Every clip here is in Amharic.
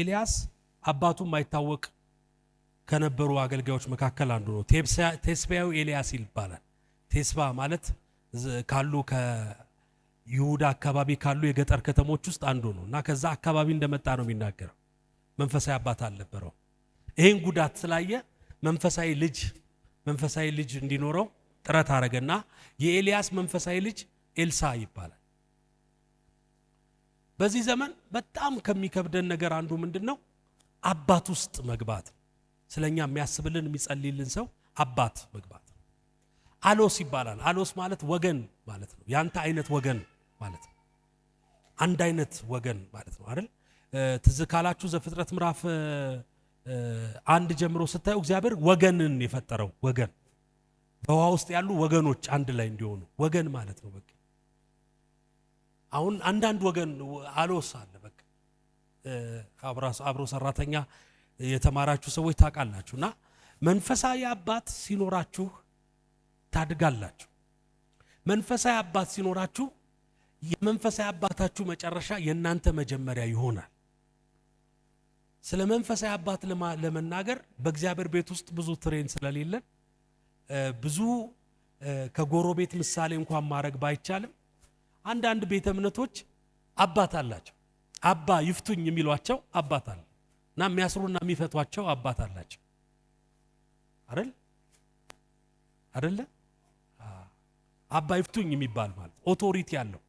ኤልያስ አባቱ የማይታወቅ ከነበሩ አገልጋዮች መካከል አንዱ ነው። ቴስቢያዊ ኤልያስ ይባላል። ቴስባ ማለት ካሉ ከይሁዳ አካባቢ ካሉ የገጠር ከተሞች ውስጥ አንዱ ነው እና ከዛ አካባቢ እንደመጣ ነው የሚናገረው። መንፈሳዊ አባት አልነበረው። ይህን ጉዳት ስላየ መንፈሳዊ ልጅ መንፈሳዊ ልጅ እንዲኖረው ጥረት አረገና የኤልያስ መንፈሳዊ ልጅ ኤልሳ ይባላል። በዚህ ዘመን በጣም ከሚከብደን ነገር አንዱ ምንድን ነው? አባት ውስጥ መግባት። ስለኛ የሚያስብልን የሚጸልይልን ሰው አባት መግባት። አሎስ ይባላል። አሎስ ማለት ወገን ማለት ነው። ያንተ አይነት ወገን ማለት ነው። አንድ አይነት ወገን ማለት ነው አይደል? ትዝ ካላችሁ ዘፍጥረት ምዕራፍ አንድ ጀምሮ ስታዩ እግዚአብሔር ወገንን የፈጠረው ወገን በውሃ ውስጥ ያሉ ወገኖች አንድ ላይ እንዲሆኑ ወገን ማለት ነው በቃ አሁን አንዳንድ ወገን አሎስ አለ። በቃ አብሮ ሰራተኛ የተማራችሁ ሰዎች ታውቃላችሁ። እና መንፈሳዊ አባት ሲኖራችሁ ታድጋላችሁ። መንፈሳዊ አባት ሲኖራችሁ የመንፈሳዊ አባታችሁ መጨረሻ የእናንተ መጀመሪያ ይሆናል። ስለ መንፈሳዊ አባት ለመናገር በእግዚአብሔር ቤት ውስጥ ብዙ ትሬን ስለሌለን ብዙ ከጎረቤት ምሳሌ እንኳን ማድረግ ባይቻልም አንዳንድ ቤተ እምነቶች አባት አላቸው። አባ ይፍቱኝ የሚሏቸው አባት አለ እና የሚያስሩና የሚፈቷቸው አባት አላቸው። አይደል አይደለ? አባ ይፍቱኝ የሚባል ማለት ኦቶሪቲ አለው።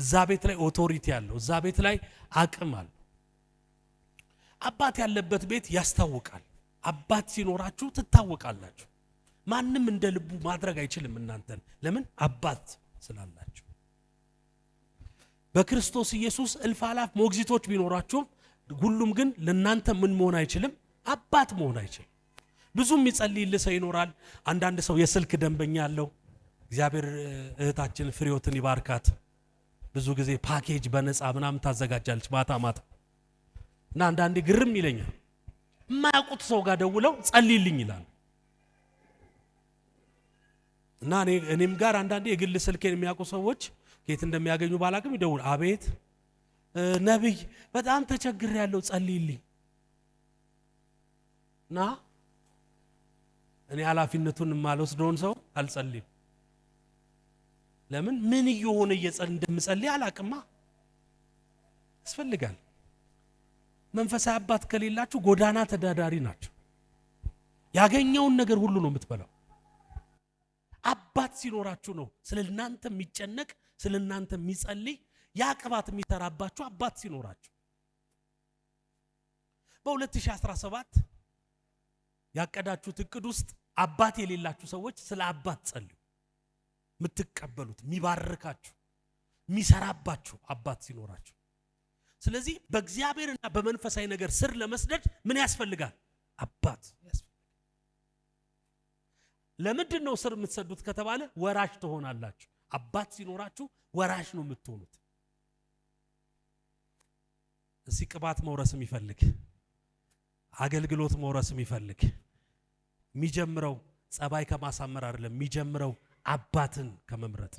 እዛ ቤት ላይ ኦቶሪቲ አለው። እዛ ቤት ላይ አቅም አለው። አባት ያለበት ቤት ያስታውቃል። አባት ሲኖራችሁ ትታወቃላችሁ። ማንም እንደ ልቡ ማድረግ አይችልም እናንተን። ለምን? አባት ስላላችሁ በክርስቶስ ኢየሱስ እልፍ አላፍ ሞግዚቶች ቢኖራችሁም ሁሉም ግን ለእናንተ ምን መሆን አይችልም? አባት መሆን አይችልም። ብዙ ይጸልይልህ ሰው ይኖራል። አንዳንድ ሰው የስልክ ደንበኛ አለው። እግዚአብሔር እህታችን ፍሬዎትን ይባርካት። ብዙ ጊዜ ፓኬጅ በነፃ ምናምን ታዘጋጃለች ማታ ማታ እና አንዳንዴ ግርም ይለኛል። የማያውቁት ሰው ጋር ደውለው ጸልይልኝ ይላል እና እኔም ጋር አንዳንዴ የግል ስልኬን የሚያውቁ ሰዎች ከየት እንደሚያገኙ ባላቅም ይደውል። አቤት ነቢይ፣ በጣም ተቸግር ያለው ጸልይልኝ እና እኔ ኃላፊነቱን የማልወስደውን ሰው አልጸልይም። ለምን ምን እየሆነ እንደምጸልይ አላቅማ። ያስፈልጋል። መንፈሳዊ አባት ከሌላችሁ ጎዳና ተዳዳሪ ናቸው። ያገኘውን ነገር ሁሉ ነው የምትበላው። አባት ሲኖራችሁ ነው ስለ እናንተ የሚጨነቅ ስለ እናንተ የሚጸልይ ቅባት የሚሰራባችሁ አባት ሲኖራችሁ በ2017 ያቀዳችሁት እቅድ ውስጥ አባት የሌላችሁ ሰዎች ስለ አባት ጸልዩ። የምትቀበሉት የሚባርካችሁ የሚሰራባችሁ አባት ሲኖራችሁ። ስለዚህ በእግዚአብሔርና በመንፈሳዊ ነገር ስር ለመስደድ ምን ያስፈልጋል? አባት ያስፈልጋል። ለምንድን ነው ስር የምትሰዱት ከተባለ ወራሽ ትሆናላችሁ። አባት ሲኖራችሁ ወራሽ ነው የምትሆኑት። እዚህ ቅባት መውረስ የሚፈልግ አገልግሎት መውረስ የሚፈልግ የሚጀምረው ጸባይ ከማሳመር አይደለም፣ የሚጀምረው አባትን ከመምረጥ።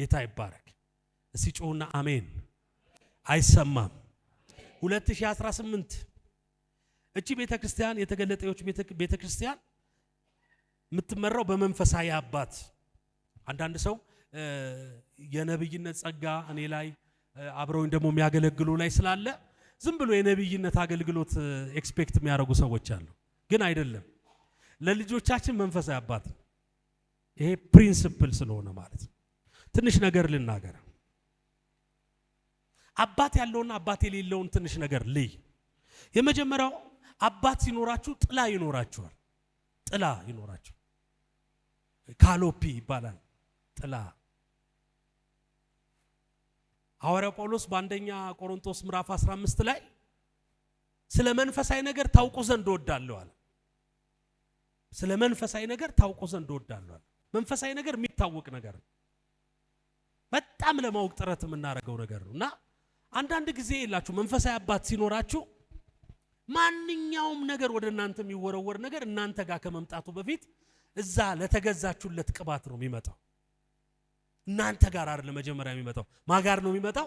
ጌታ ይባረክ። እስቲ ጮሁና አሜን። አይሰማም 2018 እቺ ቤተ ክርስቲያን የተገለጠዎች ቤተ ክርስቲያን የምትመራው በመንፈሳዊ አባት አንዳንድ ሰው የነብይነት ጸጋ እኔ ላይ አብረውኝ ደግሞ የሚያገለግሉ ላይ ስላለ ዝም ብሎ የነብይነት አገልግሎት ኤክስፔክት የሚያደርጉ ሰዎች አሉ። ግን አይደለም ለልጆቻችን መንፈሳዊ አባት ይሄ ፕሪንስፕል ስለሆነ ማለት ነው። ትንሽ ነገር ልናገር። አባት ያለውና አባት የሌለውን ትንሽ ነገር ልይ። የመጀመሪያው አባት ሲኖራችሁ ጥላ ይኖራችኋል። ጥላ ይኖራችሁ ካሎፒ ይባላል። ጥላ ሐዋርያው ጳውሎስ በአንደኛ ቆሮንቶስ ምዕራፍ 15 ላይ ስለ መንፈሳዊ ነገር ታውቁ ዘንድ ወዳለዋል። አለ። ስለ መንፈሳዊ ነገር ታውቁ ዘንድ እወዳለሁ አለ። መንፈሳዊ ነገር የሚታወቅ ነገር ነው። በጣም ለማወቅ ጥረት የምናደርገው ነገር ነው እና አንዳንድ ጊዜ የላችሁ መንፈሳዊ አባት ሲኖራችሁ ማንኛውም ነገር ወደ እናንተ የሚወረወር ነገር እናንተ ጋር ከመምጣቱ በፊት እዛ ለተገዛችሁለት ቅባት ነው የሚመጣው። እናንተ ጋር አይደለም መጀመሪያ የሚመጣው። ማጋር ነው የሚመጣው፣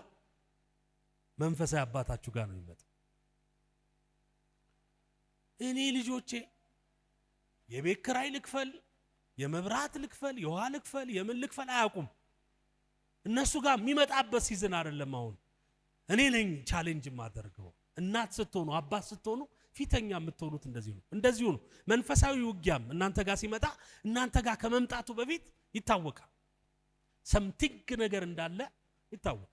መንፈሳዊ አባታችሁ ጋር ነው የሚመጣው። እኔ ልጆቼ የቤት ልክፈል፣ የመብራት ልክፈል፣ የውሃ ልክፈል፣ የምን ልክፈል አያውቁም። እነሱ ጋር የሚመጣበት ሲዝን አይደለም። አሁን እኔ ነኝ ቻሌንጅ የማደርገው። እናት ስትሆኑ አባት ስትሆኑ ፊተኛ የምትሆኑት እንደዚሁ ነው። እንደዚሁ ነው መንፈሳዊ ውጊያም እናንተ ጋር ሲመጣ እናንተ ጋር ከመምጣቱ በፊት ይታወቃል። ሰምቲግ ነገር እንዳለ ይታወቅ።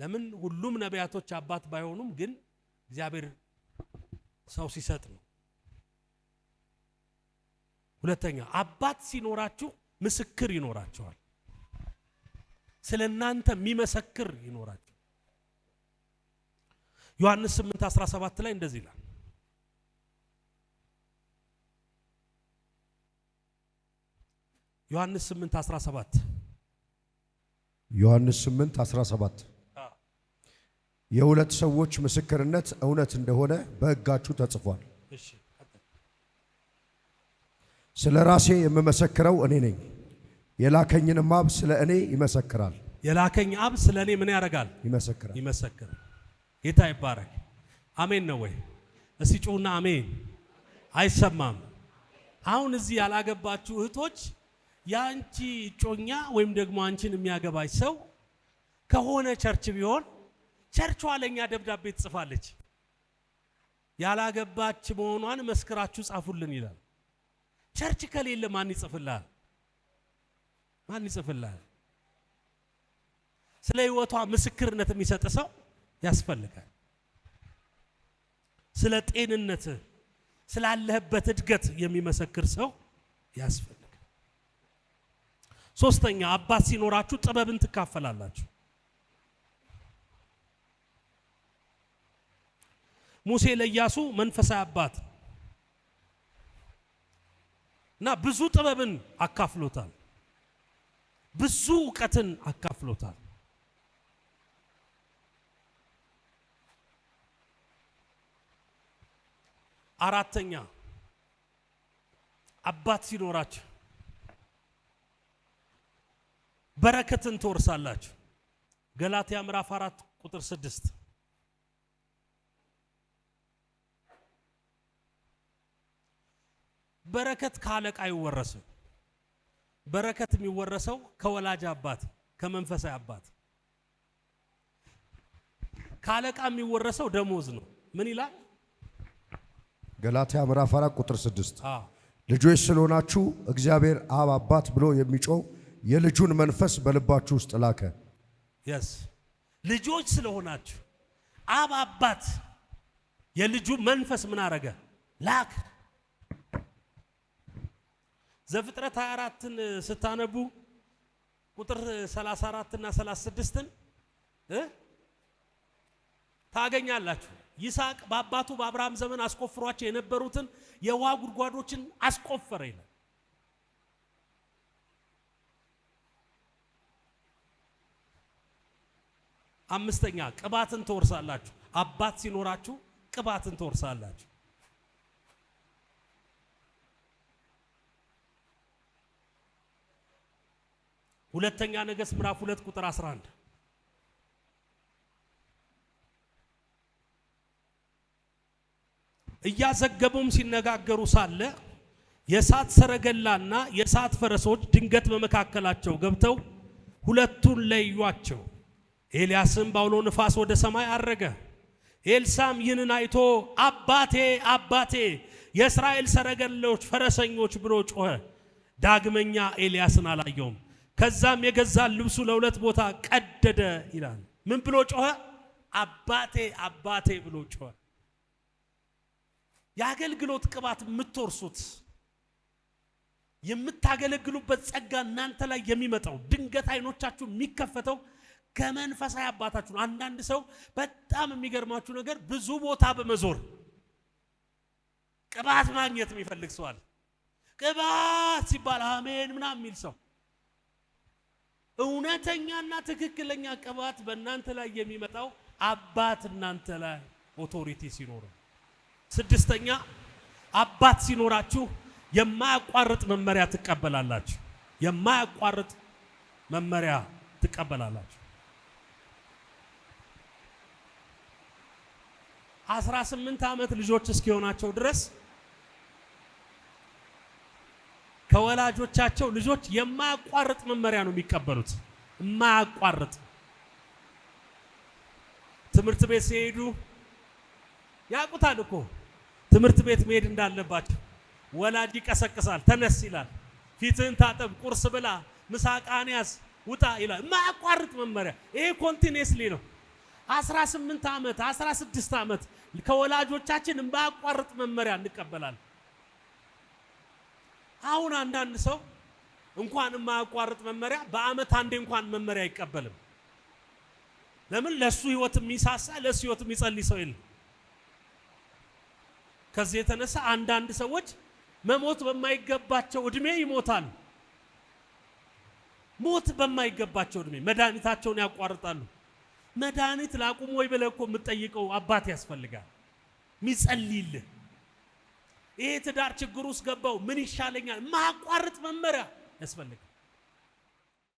ለምን ሁሉም ነቢያቶች አባት ባይሆኑም ግን እግዚአብሔር ሰው ሲሰጥ ነው። ሁለተኛ አባት ሲኖራችሁ ምስክር ይኖራቸዋል። ስለ እናንተ የሚመሰክር ይኖራቸው። ዮሐንስ 8 17 ላይ እንደዚህ ይላል ዮሐንስ 8 17 ዮሐንስ 8 17 የሁለት ሰዎች ምስክርነት እውነት እንደሆነ በሕጋችሁ ተጽፏል። ስለ ራሴ የምመሰክረው እኔ ነኝ፣ የላከኝንም አብ ስለ እኔ ይመሰክራል። የላከኝ አብ ስለ እኔ ምን ያደርጋል? ይመሰክራል። ይመሰክራል። ጌታ ይባረክ። አሜን ነው ወይ? እስቲ ጩና አሜን። አይሰማም። አሁን እዚህ ያላገባችሁ እህቶች የአንቺ እጮኛ ወይም ደግሞ አንቺን የሚያገባች ሰው ከሆነ ቸርች ቢሆን ቸርቿ ለእኛ ደብዳቤ ትጽፋለች። ያላገባች መሆኗን መስክራችሁ ጻፉልን ይላል። ቸርች ከሌለ ማን ይጽፍልሃል? ማን ይጽፍልሃል? ስለ ሕይወቷ ምስክርነት የሚሰጥ ሰው ያስፈልጋል። ስለ ጤንነት ስላለህበት እድገት የሚመሰክር ሰው ያስፈልጋል። ሶስተኛ አባት ሲኖራችሁ ጥበብን ትካፈላላችሁ። ሙሴ ለኢያሱ መንፈሳዊ አባት እና ብዙ ጥበብን አካፍሎታል። ብዙ እውቀትን አካፍሎታል። አራተኛ አባት ሲኖራችሁ በረከትን ትወርሳላችሁ። ገላትያ ምዕራፍ 4 ቁጥር 6 በረከት ከአለቃ አይወረስም። በረከት የሚወረሰው ከወላጅ አባት፣ ከመንፈሳዊ አባት። ከአለቃ የሚወረሰው ደሞዝ ነው። ምን ይላል? ገላትያ ምዕራፍ 4 ቁጥር 6 ልጆች ስለሆናችሁ እግዚአብሔር አብ አባት ብሎ የሚጮህ የልጁን መንፈስ በልባችሁ ውስጥ ላከ። የስ ልጆች ስለሆናችሁ አብ አባት የልጁ መንፈስ ምን አረገ? ላክ። ዘፍጥረት 24ን ስታነቡ ቁጥር 34 እና 36ን ታገኛላችሁ። ይስሐቅ በአባቱ በአብርሃም ዘመን አስቆፍሯቸው የነበሩትን የውሃ ጉድጓዶችን አስቆፈረ ይላል። አምስተኛ ቅባትን ትወርሳላችሁ። አባት ሲኖራችሁ ቅባትን ትወርሳላችሁ። ሁለተኛ ነገሥት ምዕራፍ ሁለት ቁጥር 11 እያዘገቡም ሲነጋገሩ ሳለ የእሳት ሰረገላና የእሳት ፈረሶች ድንገት በመካከላቸው ገብተው ሁለቱን ለዩአቸው። ኤልያስም ባውሎ ንፋስ ወደ ሰማይ አረገ። ኤልሳም ይህንን አይቶ አባቴ አባቴ የእስራኤል ሰረገሎች፣ ፈረሰኞች ብሎ ጮኸ። ዳግመኛ ኤልያስን አላየውም። ከዛም የገዛ ልብሱ ለሁለት ቦታ ቀደደ ይላል። ምን ብሎ ጮኸ? አባቴ አባቴ ብሎ ጮኸ። የአገልግሎት ቅባት የምትወርሱት የምታገለግሉበት ጸጋ እናንተ ላይ የሚመጣው ድንገት አይኖቻችሁ የሚከፈተው ከመንፈሳዊ አባታችሁ ነው። አንዳንድ ሰው በጣም የሚገርማችሁ ነገር ብዙ ቦታ በመዞር ቅባት ማግኘት የሚፈልግ ሰው አለ። ቅባት ሲባል አሜን ምናምን የሚል ሰው እውነተኛና ትክክለኛ ቅባት በእናንተ ላይ የሚመጣው አባት እናንተ ላይ ኦቶሪቲ ሲኖር፣ ስድስተኛ አባት ሲኖራችሁ የማያቋርጥ መመሪያ ትቀበላላችሁ። የማያቋርጥ መመሪያ ትቀበላላችሁ። 18 ዓመት ልጆች እስኪሆናቸው ድረስ ከወላጆቻቸው ልጆች የማያቋርጥ መመሪያ ነው የሚቀበሉት። የማያቋርጥ ትምህርት ቤት ሲሄዱ ያቁታል እኮ ትምህርት ቤት መሄድ እንዳለባቸው። ወላጅ ይቀሰቅሳል፣ ተነስ ይላል፣ ፊትህን ታጠብ፣ ቁርስ ብላ፣ ምሳቃን ያዝ፣ ውጣ ይላል። የማያቋርጥ መመሪያ ይሄ ኮንቲኔስሊ ነው። 18 ዓመት 16 ዓመት ከወላጆቻችን የማያቋርጥ መመሪያ እንቀበላለን። አሁን አንዳንድ ሰው እንኳን የማያቋርጥ መመሪያ በአመት አንዴ እንኳን መመሪያ አይቀበልም። ለምን? ለሱ ህይወት የሚሳሳ ለሱ ህይወት የሚጸልይ ሰው የለም። ከዚህ የተነሳ አንዳንድ ሰዎች መሞት በማይገባቸው እድሜ ይሞታሉ። ሞት በማይገባቸው እድሜ መድኃኒታቸውን ያቋርጣሉ። መድኃኒት ላቁም ወይ ብለህ እኮ የምትጠይቀው አባት ያስፈልጋል ሚጸልይልህ። ይሄ ትዳር ችግር ውስጥ ገባው ምን ይሻለኛል? ማቋረጥ መመሪያ ያስፈልጋል።